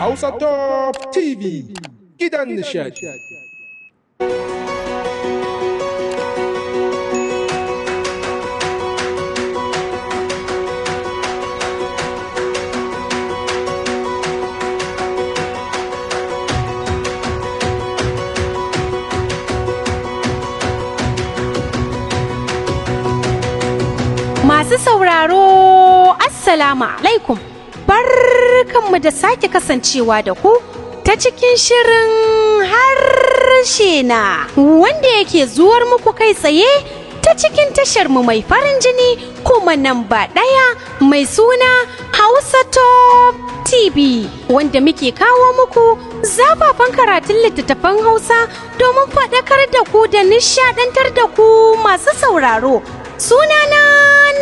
Hausa Top TV gidan nishadi. Masu sauraro, Assalamu alaikum. barkanmu da sake kasancewa da ku ta cikin shirin harshe na wanda yake zuwar muku kai tsaye ta cikin tashar mu mai farin jini kuma nan ba ɗaya mai suna Hausa Top TV wanda muke kawo muku zafafan karatun littattafan Hausa domin faɗakar da ku da nishaɗantar da ku masu sauraro. Suna na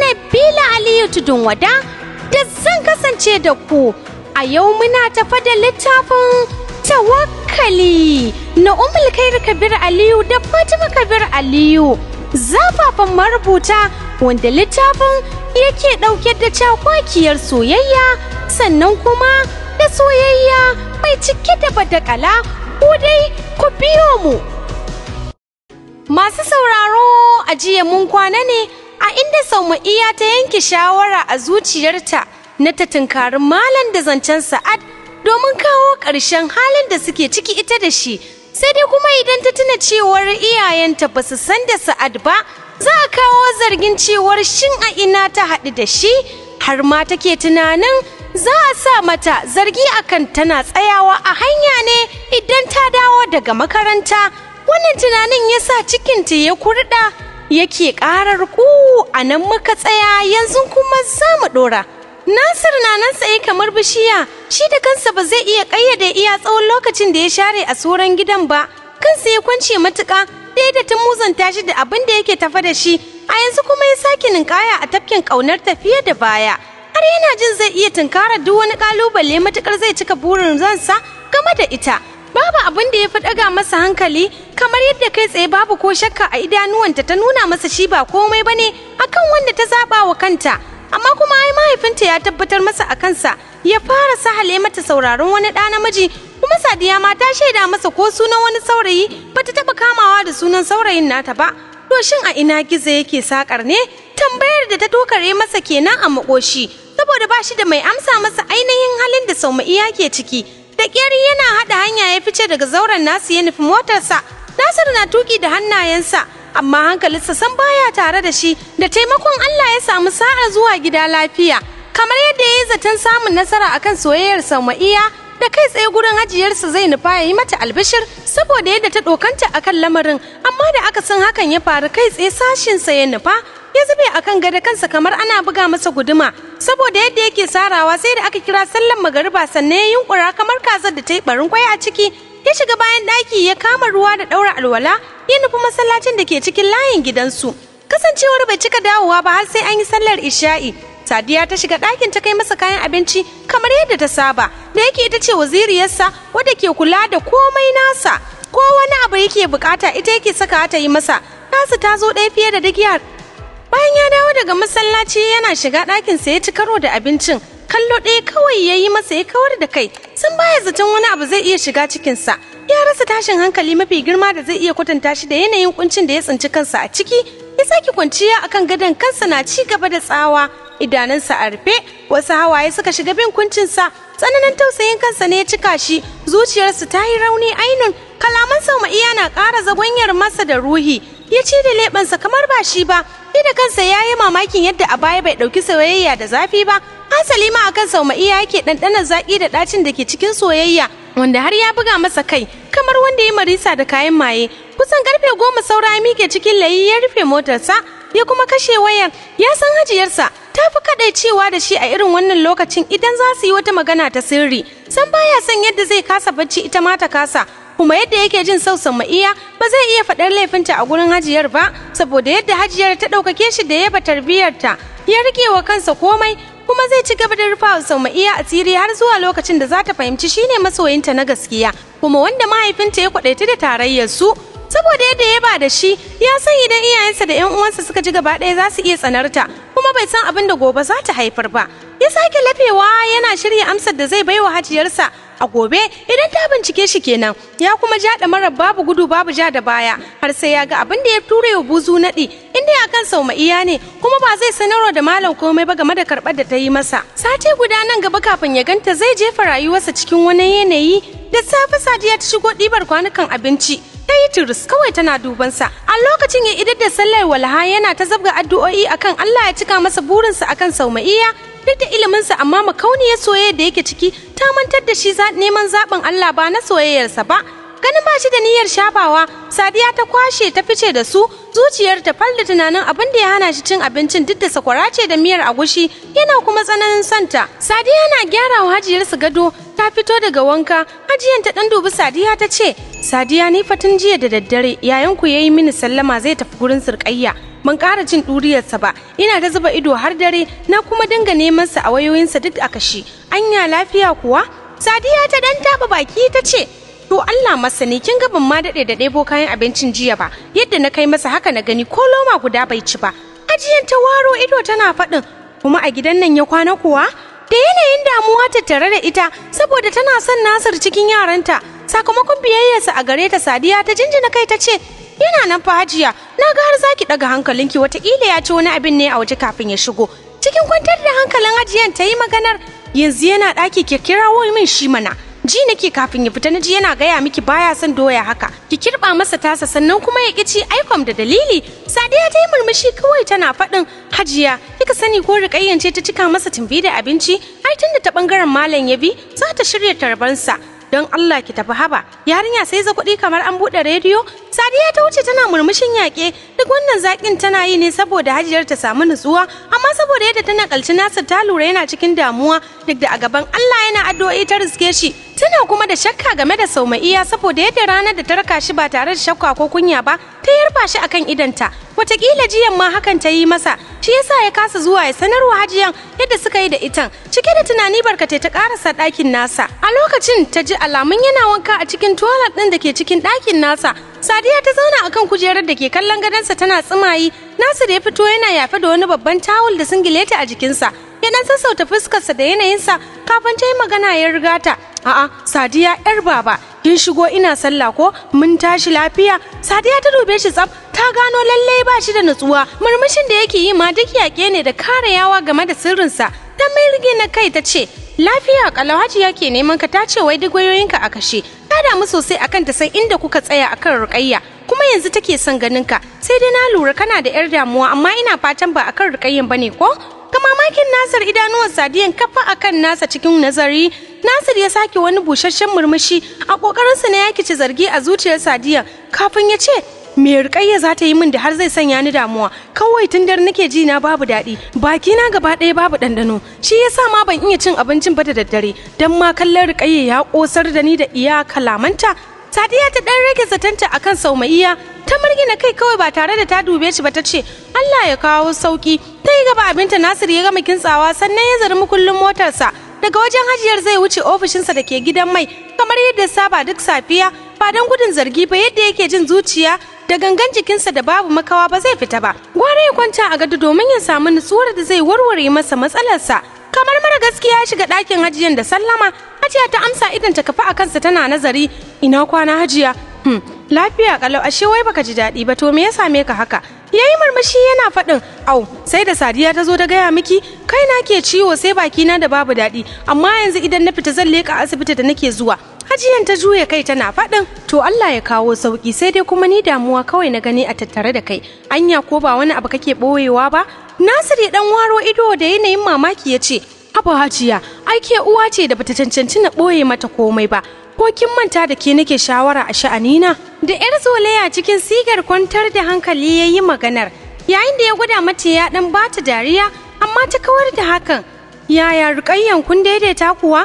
Nabila Aliyu Tudun Wada. da zan kasance da ku a yau muna tafa da littafin tawakkali na umul kairu kabir aliyu da fatima kabir aliyu zafafan marubuta wanda littafin yake ɗauke da cakwakiyar soyayya sannan kuma da soyayya mai cike da badakala ko dai ku biyo mu masu sauraro a mun kwana ne a inda sauma'iya ta yanke shawara a zuciyarta na ta tunkarin malam da zancen sa'ad domin kawo ƙarshen halin da suke ciki ita da shi sai dai kuma idan ta tuna cewar iyayenta ba su san da sa'ad ba za a kawo zargin cewar shin a ina ta haɗu da shi har ma take tunanin za a sa mata zargi akan tana tsayawa a hanya ne idan ta dawo daga makaranta wannan tunanin ya sa cikinta ya kurɗa yake ƙarar ku a nan muka tsaya yanzu kuma za mu ɗora. Nasir na nan tsaye kamar bishiya shi da kansa ba zai iya ƙayyade iya tsawon lokacin da ya share a sauran gidan ba kansa ya kwance matuƙa ɗaya da ta muzanta shi da abin da yake tafa da shi a yanzu kuma ya sake ninkaya a tafkin ƙaunar tafiya da baya har yana jin zai iya tunkarar duk wani ƙalubale matuƙar zai cika burin zansa game da ita babu abin da ya fi ɗaga masa hankali kamar yadda kai tsaye babu ko shakka a idanuwanta ta nuna masa shi ba komai ba ne akan wanda ta zaba wa kanta amma kuma ai mahaifinta ya tabbatar masa a kansa ya fara sahale mata sauraron wani ɗa namiji kuma sadiya ma ta shaida masa ko sunan wani saurayi ba ta taɓa kamawa da sunan saurayin nata ba to shin a ina gizo yake sakar ne tambayar da ta tokare masa kenan a makoshi saboda ba shi da mai amsa masa ainihin halin da sauma'iya ke ciki da ƙyar yana haɗa hanya ya fice daga zauren nasu ya nufi motarsa Nasiru na tuki da hannayensa amma hankalinsa san baya tare da shi da taimakon Allah ya samu sa'a zuwa gida lafiya kamar yadda ya yi zaton samun nasara akan soyayyar Sama'iya da kai tsaye gurin hajiyarsa zai nufa ya yi mata albishir saboda yadda ta dokanta akan lamarin amma da aka san hakan ya faru kai tsaye sashinsa ya nufa ya zube akan gada kansa kamar ana buga masa guduma saboda yadda yake sarawa sai da aka kira sallan magariba sannan ya yunkura kamar kazar da ta yi barin kwai a ciki ya shiga bayan ɗaki ya kama ruwa da ɗaura alwala ya nufi masallacin da ke cikin layin gidansu kasancewar bai cika dawowa ba har sai an yi sallar isha'i sadiya ta shiga ɗakin ta kai masa kayan abinci kamar yadda ta saba da yake ita ce waziriyarsa wadda ke kula da komai nasa ko wani abu yake bukata ita yake saka ta yi masa nasu ta zo ɗaya fiye da digiyar bayan ya dawo daga masallaci yana shiga ɗakin sa ya ci karo da abincin kallo ɗaya kawai ya yi masa ya kawar da kai sun baya zaton wani abu zai iya shiga cikinsa ya rasa tashin hankali mafi girma da zai iya kwatanta shi da yanayin kuncin da ya tsinci kansa a ciki ya sake kwanciya akan gadon kansa na ci gaba da tsawa idanunsa a rufe wasu hawaye suka shiga bin kuncinsa tsananin tausayin kansa ne ya cika shi zuciyarsa ta yi rauni ainun kalaman sauma'iya na kara zagonyar masa da ruhi ya ci da leɓensa kamar ba shi ba shi da kansa ya yi mamakin yadda a baya bai ɗauki soyayya da zafi ba a kan akan iya yake ɗanɗanar zaki da ɗacin da ke cikin soyayya wanda har ya buga masa kai kamar wanda ya marisa da kayan maye kusan karfe goma saura mike cikin layi ya rufe motarsa ya kuma kashe wayar ya san hajiyarsa ta fi kaɗai cewa da shi a irin wannan lokacin idan za su yi wata magana ta sirri san baya san yadda zai kasa bacci ita ma ta kasa kuma yadda yake jin sausan ma'iya ba zai iya faɗar laifinta a gurin hajiyar ba saboda yadda hajiyar ta ɗaukake shi da yaba tarbiyarta ya rike wa kansa komai kuma zai ci gaba da rufa mai iya asiri har zuwa lokacin da za ta fahimci shine masoyinta na gaskiya kuma wanda mahaifinta ya kwadaita da tarayyar su saboda yadda ya ba da shi ya san idan iyayensa da yan uwansa suka ji gaba ɗaya za su iya tsanarta kuma bai san abin da gobe za ta haifar ba ya sake lafewa yana shirya amsar da zai bai wa hajiyarsa a gobe idan ta bincike shi kenan ya kuma ja da mara babu gudu babu ja da baya har sai ya ga abin da ya ture wa buzu naɗi inda ya kan sau ma'iya ne kuma ba zai sanarwa da malam komai ba game da karɓar da ta yi masa sati guda nan gaba kafin ya ganta zai jefa rayuwarsa cikin wani yanayi da safe sadiya ta shigo ɗibar kwanukan abinci ta yi kawai tana dubansa a lokacin ya idar da sallar walha yana ta zabga addu'o'i akan Allah ya cika masa burinsa akan sauma'iya duk da iliminsa amma makauniyar soyayya da yake ciki ta mantar da shi neman zaɓin Allah ba na soyayyarsa ba ganin ba shi da niyyar shafawa sadiya ta kwashe ta fice da su zuciyar ta falda tunanin abin da ya hana shi cin abincin duk da sakwara ce da miyar agushi yana kuma tsananin santa sadiya na gyara wa hajiyarsa gado fito daga wanka ajiyan ta dan dubi sadiya ta ce sadiya ni fatin jiya da daddare yayan ku yayi mini sallama zai tafi gurin surkayya ban ƙara jin ɗuriyarsa ba ina da zuba ido har dare na kuma dinga neman sa a wayoyinsa duk a kashi anya lafiya kuwa sadiya ta dan taba baki ta ce to Allah masani kin ga ban ma daɗe da ɗebo kayan abincin jiya ba yadda na kai masa haka na gani ko loma guda bai ci ba ajiyan ta waro ido tana faɗin kuma a gidan nan ya kwana kuwa da yanayin damuwa ta tare da ita saboda tana son Nasir cikin yaranta sakamakon biyayyarsa a gare ta Sadiya ta jinjina kai ta ce yana nan fa hajiya na ga har zaki daga hankalinki watakila ya ci wani abin ne a waje kafin ya shigo cikin kwantar da hankalin hajiyan ta yi maganar yanzu yana ɗaki kirkirawo min shi mana ji nake kafin ya fita naji yana gaya miki baya son doya haka ki kirba masa tasa sannan kuma ya ci aikom da dalili sadiya ta yi murmushi kawai tana faɗin hajiya kika sani ko rikayyance ta cika masa tumbi da abinci ai da ta ɓangaren malam ya bi za ta shirya tarbansa don Allah ki tafi haba yarinya sai za kuɗi kamar an buɗe rediyo sadiya ta wuce tana murmushin yaƙe duk wannan zaƙin tana yi ne saboda hajiyar ta samu nutsuwa amma saboda yadda tana kalci nasa ta lura yana cikin damuwa duk da a gaban Allah yana addu'o'i ta riske shi tana kuma da shakka game da sauma'iya saboda yadda ranar da ta raka shi ba tare da shakka ko kunya ba ta yarfa shi akan idanta watakila jiyan ma hakan ta yi masa shi yasa ya kasa zuwa ya sanarwa hajiyan yadda suka yi da itan cike da tunani barkatai ta karasa ɗakin nasa a lokacin ta ji alamun yana wanka a cikin tuwalar ɗin da ke cikin ɗakin nasa sadiya ta zauna akan kujerar da ke kallon gadonsa tana tsumayi nasu da ya fito yana yafe da wani babban tawul da singileta a jikinsa yana sassauta sassauta fuskarsa da yanayinsa kafin ta yi magana ya riga ta a'a sadiya yar baba kin shigo ina sallah ko mun tashi lafiya sadiya ta dube shi tsaf ta gano lallai ba shi da nutsuwa murmushin da yake yi ma duk yaƙe ne da kare yawa game da sirrinsa ta mirge na kai ta ce lafiya kalau hajiya ke neman ka ta ce wai duk wayoyinka a kashe ta damu sosai akan ta san inda kuka tsaya akan rukayya kuma yanzu take son ganin ka sai dai na lura kana da yar damuwa amma ina fatan ba akan rukayyan bane ko ga mamakin nasir idanuwan sadiyan kafa akan nasa cikin nazari nasir ya sake wani busasshen murmushi a kokarinsa na yaki ci zargi a zuciyar sadiyan kafin ya ce me rikayya za ta yi min da har zai sanya ni damuwa kawai tun dare nake ji na babu daɗi baki na gaba ɗaya babu ɗanɗano shi yasa ma ban iya cin abincin ba da daddare don ma kallon rikayya ya ƙosar da ni da iya kalamanta sadiya ta dan rage zatanta akan saumaiya ta murgina kai kawai ba tare da ta dube shi ba ta ce allah ya kawo sauki ta yi gaba abinta nasir ya gama kintsawa sannan ya zari mukullin motarsa daga wajen hajiyar zai wuce ofishinsa da ke gidan mai kamar yadda saba duk safiya ba don gudun zargi ba yadda yake jin zuciya da gangan jikinsa da babu makawa ba zai fita ba gwara ya kwanta a gado domin ya samu nutsuwar da zai warware masa matsalarsa kamar mara gaskiya ya shiga ɗakin hajiyar da sallama hajiya ta amsa idan ta kafa a kansa tana nazari ina kwana hajiya hmm. lafiya kalau ashe wai baka ji daɗi ba to me ya same ka haka yayi marmashi yana faɗin au sai da sadiya ta zo ta gaya miki kai na ke ciwo sai baki na da babu daɗi amma yanzu idan na fita zan leka asibiti da nake zuwa hajiyan ta juya kai tana faɗin to Allah ya kawo sauki sai dai kuma ni damuwa kawai na gani a tattare da kai anya ko ba wani abu kake ɓoyewa ba Nasir ya dan waro ido da yanayin mamaki ya ce haba hajiya ai ke uwa ce da bata cancanci na ɓoye mata komai ba ko kin manta da ke nake shawara a sha'anina da yar zolaya cikin sigar kwantar da hankali ya yi maganar yayin da ya gwada mata ya dan bata dariya amma ta kawar da hakan yaya rukayyan kun daidaita kuwa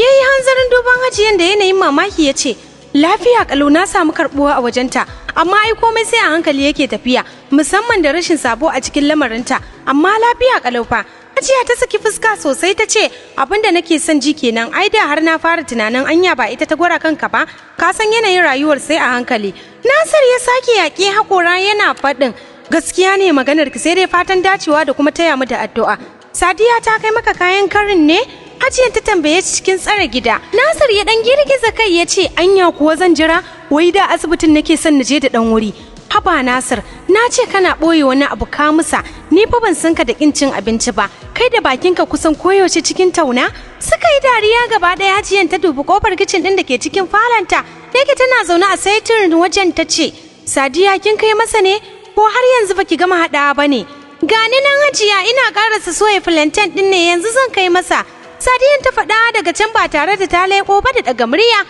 ya yi hanzarin duban hajiyan da yanayin mamaki ya ce lafiya ƙalau na samu karbuwa a wajenta amma ai komai sai a hankali yake tafiya musamman da rashin sabo a cikin lamarinta amma lafiya ƙalau fa Ajiya ta saki fuska sosai ta ce abin da nake son ji kenan ai da har na fara tunanin anya ba ita ta gwara kanka ba ka san yanayin rayuwar sai a hankali. Nasir ya sake yaƙe hakora yana faɗin gaskiya ne maganar ki sai dai fatan dacewa da kuma taya mu da addu'a. Sadiya ta kai maka kayan karin ne? Hajiya ta tambaye shi cikin tsare gida. Nasir ya dan girgiza kai ya ce anya kuwa zan jira wai da asibitin nake son na je da dan wuri. haba nasir na ce kana ɓoye wani abu ka musa ni fa ban san ka da cin abinci ba kai da bakinka kusan koyaushe cikin tauna suka yi dariya gaba ɗaya hajiyan ta dubi kofar kicin ɗin da ke cikin falanta yake tana zaune a saitin wajen ta ce sadiya kin kai masa ne ko har yanzu baki gama haɗawa ba ne gani nan hajiya ina ƙarasa soya filanten ɗin ne yanzu zan kai masa sadiyan ta faɗa daga can ba tare da ta leƙo ba da daga murya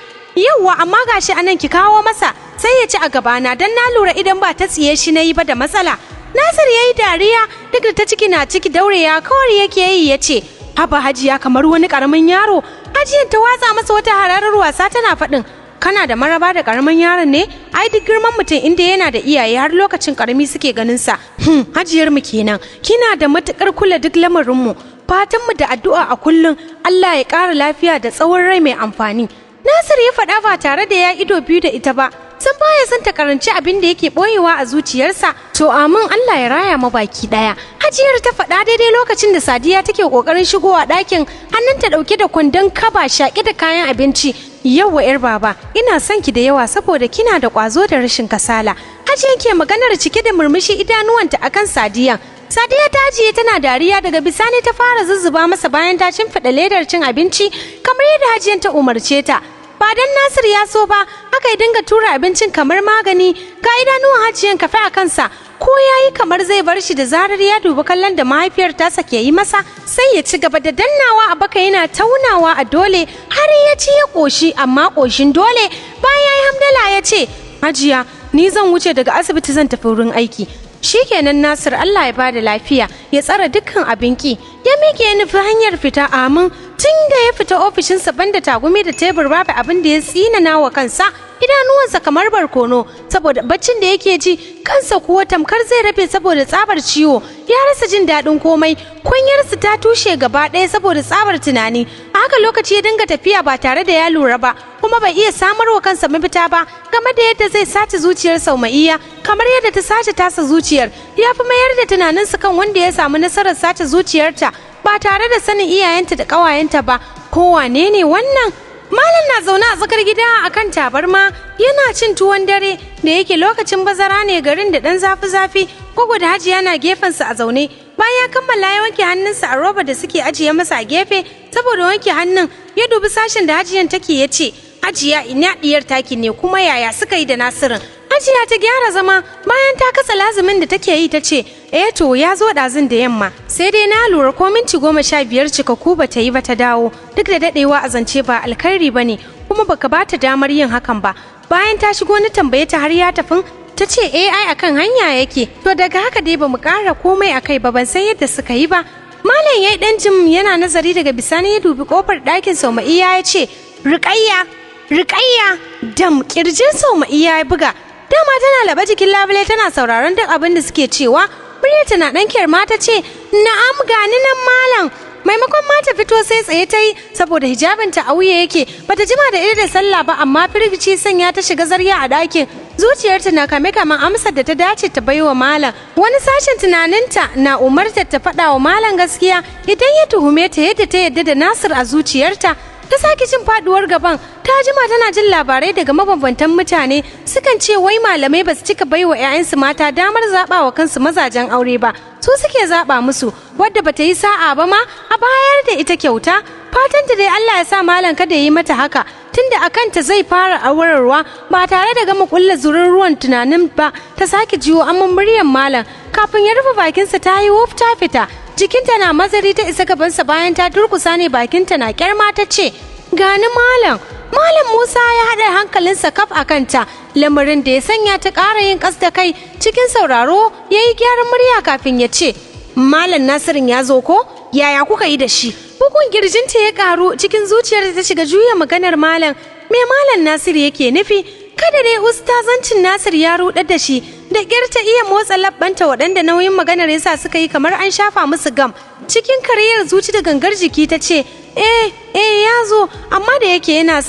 yauwa amma gashi anan ki kawo masa sai ya ci a gabana don na lura idan ba ta tsiye shi na yi ba da matsala nasir ya yi dariya duk da ta ciki na ciki daureya kawai yake yi ya ce haba hajiya kamar wani karamin yaro hajiyar ta watsa masa wata hararar wasa tana faɗin kana da maraba da karamin yaron ne ai duk girman mutum inda yana da iyaye har lokacin karami suke ganin sa hmm, hajiyar mu kenan kina da matukar kula duk lamarin mu fatan mu da addu'a a kullum Allah ya ƙara lafiya da tsawon rai mai amfani Nasir ya faɗa ba tare da ya ido biyu da ita ba sun baya son ta abin da yake boyewa a zuciyarsa to amin Allah ya raya ma baki daya hajiyar ta faɗa daidai lokacin da sadiya take kokarin shigowa ɗakin hannunta ɗauke da kwandon kaba shaƙe da kayan abinci yawwa yar baba ina son ki da yawa saboda kina da ƙwazo da rashin kasala hajiyar ke maganar cike da murmushi idanuwanta akan sadiyan Sadiya ta ajiye tana dariya daga bisani ta fara zuzzuba masa bayan ta shimfiɗa ledar cin abinci kamar yadda hajiyar ta umarce ta. ba dan Nasir ya so ba Aka yi dinga tura abincin kamar magani ga idanuwan hajiyan kafe a kansa ko ya yi kamar zai bar shi da zarar ya dubi kallon da mahaifiyar tasa ke yi masa sai ya ci gaba da dannawa a baka yana taunawa a dole har ya ci ya ƙoshi amma ƙoshin dole bayan ya yi hamdala ya ce hajiya ni zan wuce daga asibiti zan tafi wurin aiki shikenan Nasir Allah ya bada lafiya ya tsara dukkan abinki ya mike nufi hanyar fita amin tun da ya fita ofishinsa banda tagumi da tebur babu abin da ya tsinana wa kansa idanuwansa kamar barkono saboda baccin da yake ji kansa kuwa tamkar zai rafe saboda tsabar ciwo ya rasa jin daɗin komai kunyarsa ta tushe gaba ɗaya saboda tsabar tunani a haka lokaci ya dinga tafiya ba tare da ya lura ba kuma bai iya samarwa kansa mafita ba game da yadda zai sace zuciyar sauma'iya kamar yadda ta sace tasa zuciyar ya fi mayar da tunaninsa kan wanda ya samu nasarar sace zuciyarta ba tare da sanin iyayenta da ƙawayenta ba ko wane ne wannan Malam na zaune a tsakar gida a kan tabarma yana cin tuwon dare da yake lokacin bazara ne garin da ɗan zafi-zafi gwagwa da hajiya na gefensa a zaune bayan ya kammala ya wanke hannunsa a roba da suke ajiye masa a gefe saboda wanke hannun ya dubi sashen da hajiyan take ya ce hajiya ina ɗiyar taki ne kuma yaya suka yi da nasirin Hajiya ta gyara zama bayan ta kasa lazumin da take yi ta ce, "Eh to ya zo ɗazun da yamma." Sai dai na lura ko minti goma sha biyar cikakku ba ta yi ba ta dawo, duk da daɗewa a zance ba alkhairi ba ne, kuma baka ba ta damar yin hakan ba. Bayan ta shigo na tambaye ta har ya tafin ta ce eh, AI akan hanya yake. To daga haka dai ba mu kara komai akai ba ban san yadda suka yi ba. Malam ya yi ɗan jim yana nazari daga bisani ya dubi ƙofar ɗakin Sauma'iya ya ce, "Riƙayya, riƙayya!" Dam ƙirjin ya buga, dama tana laba jikin labule tana sauraron duk abin da suke cewa tana na ma mata ce na'am gani nan malam maimakon mata fito sai tsaye ta yi saboda hijabinta a wuya yake bata jima da irin sallah ba amma firgici sanya ta shiga zarya a ɗakin zuciyarta na kame kaman amsar da ta dace ta baiwa malam wani sashen tunaninta na umartar ta faɗa wa malam gaskiya idan ya tuhume ta yadda ta yadda da nasir a zuciyarta ta sake jin faduwar gaban ta jima tana jin labarai daga mabambantan mutane sukan ce wai malamai ba su cika bai wa 'ya'yansu mata damar wa kansu mazajen aure ba su suke zaɓa musu wadda bata yi sa'a ba ma a bayar da ita kyauta Fatan fatanta dai Allah ya sa malam kada ya yi mata haka tunda a kanta zai fara awararwa ba tare da gama kulla zurin ruwan tunanin ba ta sake jiwo amma muryar malam kafin ya rufe bakinsa ta yi wuf ta fita jikinta na mazari ta isa gabansa bayan ta durkusa ne bakinta na kyarma ta ce gani malam malam musa ya hada hankalinsa kaf a kanta lamarin da ya sanya ta ƙara yin ƙas da kai cikin sauraro ya yi gyaran murya kafin ya ce malam nasirin ya zo ko yaya kuka yi da shi bugun girjinta ya ƙaru cikin zuciyar ta shiga juya maganar malam me malam nasir yake nufi kada dai ustazancin nasir ya ruɗar da shi da kyar ta iya motsa labbanta waɗanda nauyin maganar yasa suka yi kamar an shafa musu gam cikin kariyar zuci da gangar jiki ta ce eh eh ya zo amma da yake yana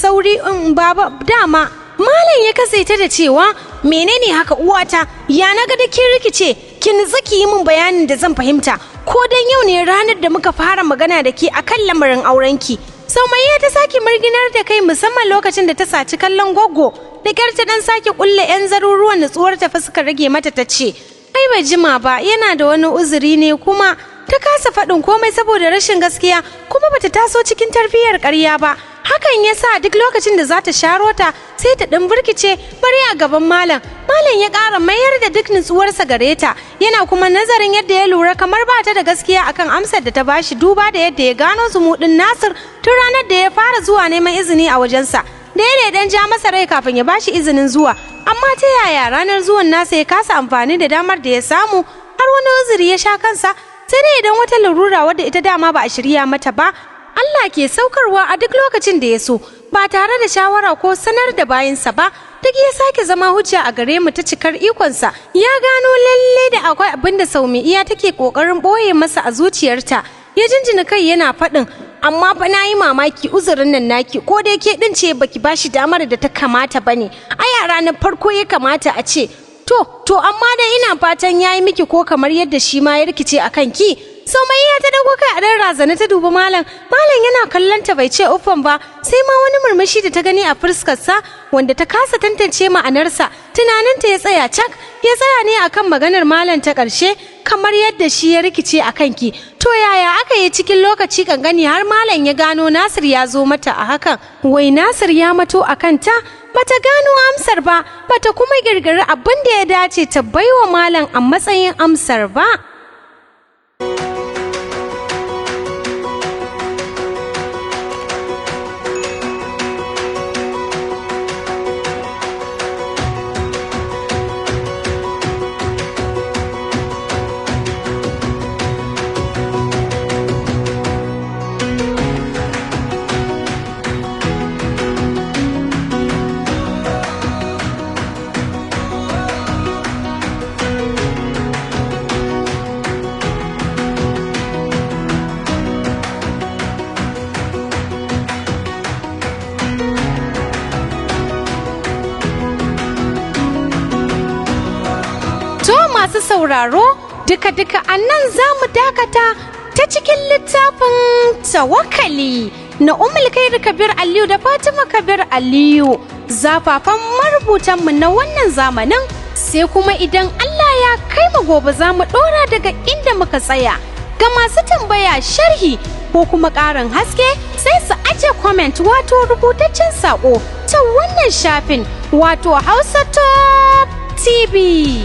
sauri in um, baba dama malam ya kasaita da cewa menene haka uwata ya na ga da kin rikice kin zaki yi min bayanin da zan fahimta ko dan yau ne ranar da muka fara magana da ke akan lamarin auren aurenki saumayya ta sake marginar da kai musamman lokacin da ta saci kallon goggo da kyar ta dan sake kulle yan zaruruwan nutsuwar ta fa suka rage mata ta ce ai bai jima ba yana da wani uzuri ne kuma ta kasa faɗin komai saboda rashin gaskiya kuma bata taso cikin tarbiyyar ƙarya ba hakan ya sa duk lokacin da za ta sharo ta sai ta ɗan burkice bari a gaban malam malam ya ƙara mayar da duk nutsuwarsa gare ta yana kuma nazarin yadda ya lura kamar ba ta da gaskiya akan amsar da ta bashi duba da yadda ya gano zumuɗin nasir tun ranar da ya fara zuwa neman izini a wajensa daidai dan ja masa rai kafin ya bashi izinin zuwa amma ta yaya ranar zuwan nasa ya kasa amfani da damar da ya samu har wani uzuri ya sha kansa sai dai idan wata larura wadda ita dama ba a shirya mata ba Allah ke saukarwa a duk lokacin da ya so ba tare da shawara ko sanar da bayansa ba duk ya sake zama hujja a gare mu ta cikar ikonsa ya gano lalle da akwai abin da saumi'iya take kokarin boye masa a zuciyarta ya jinjina kai yana faɗin amma fa na yi mamaki uzurin nan naki ko dai ke din ce baki bashi damar da ta kamata bane a yara na farko ya kamata a ce to to amma dai ina fatan yayi miki ko kamar yadda shi ma ya rikice a kan ki Somaiya ta dauko kai a dan razana ta dubi malam. Malam yana kallon ta bai ce uffan ba, sai ma wani murmushi da ta gani a fuskar sa wanda ta kasa tantance ma'anarsa. Tunaninta ya tsaya cak, ya tsaya ne akan maganar malam ta karshe kamar yadda shi ya rikice a ki To yaya aka yi cikin lokaci kangani har malam ya gano Nasir ya zo mata a hakan. Wai Nasir ya mato a kanta bata gano amsar ba, bata kuma girgiri abin da ya dace ta baiwa malam a matsayin amsar ba. masu sauraro duka-duka a nan za mu dakata ta cikin littafin tawakali na da kabir aliyu da fatima kabir aliyu zafafan marubutanmu na wannan zamanin sai kuma idan allah ya kai mu gobe za mu ɗora daga inda muka tsaya ga masu tambaya sharhi ko kuma ƙarin haske sai su aje comment wato rubutaccen saƙo ta wannan shafin wato hausa top tv